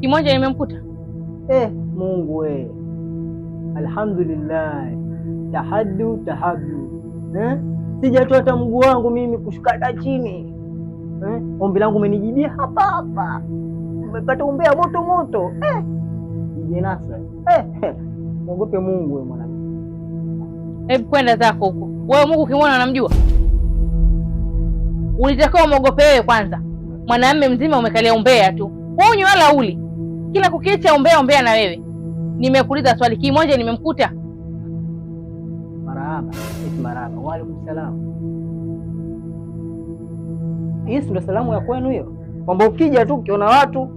Kimoja nimemkuta eh, Mungu we, alhamdulillah, tahaddu tahabu eh? Sijatoa hata mguu wangu mimi kushuka hata chini eh? Ombi langu umenijibia hapa hapa, umepata umbea moto moto eh? Jenasa eh, eh, mwogope Mungu we mwanamke. Hebu kwenda zako huko wewe, Mungu ukimwona anamjua. Ulitakiwa umwogope wewe kwanza, mwanamume mzima umekalia umbea tu, wewe uli kila kukicha umbea umbea na wewe. Nimekuuliza swali kimoja nimemkuta. Marahaba, marahaba. Wa salaam. Hii ndio salamu ya kwenu hiyo. Kwamba ukija tu ukiona watu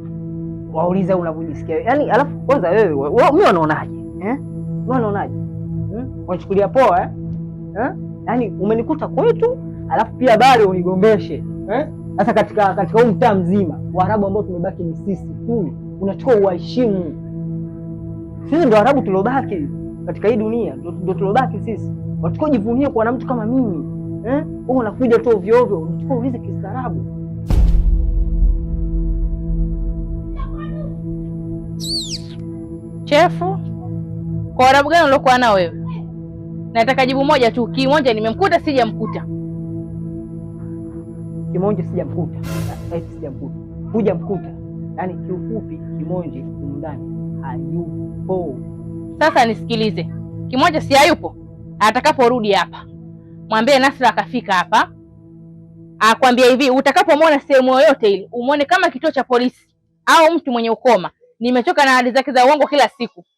wauliza unavyojisikia yani. alafu kwanza wewe mimi wanaonaje? Eh? Mimi wanaonaje? Hmm? Wanachukulia poa eh? Eh? Yaani, umenikuta kwetu alafu pia bado unigombeshe. Eh? katika katika huu mtaa mzima Waarabu ambao tumebaki ni sisi tu unatakiwa uwaheshimu. Sisi ndo arabu tulobaki katika hii dunia, ndo tulobaki sisi, watukojivunia kuwa na mtu kama mimi eh? Unakuja tu ovyo ovyo, unatakiwa ulize kistaarabu. Chefu, kwa arabu gani uliokuwa nao wewe? Nataka jibu moja tu, kimoja nimemkuta sijamkuta. Kimoja sijamkuta, sijamkuta, hujamkuta Yaani kiufupi Kimonje humu ndani hayupo. Sasa nisikilize, Kimonje si hayupo. Atakaporudi hapa mwambie Nasra akafika hapa, akwambia hivi, utakapomwona sehemu yoyote ile umwone kama kituo cha polisi au mtu mwenye ukoma. Nimechoka na hadi zake za uongo kila siku.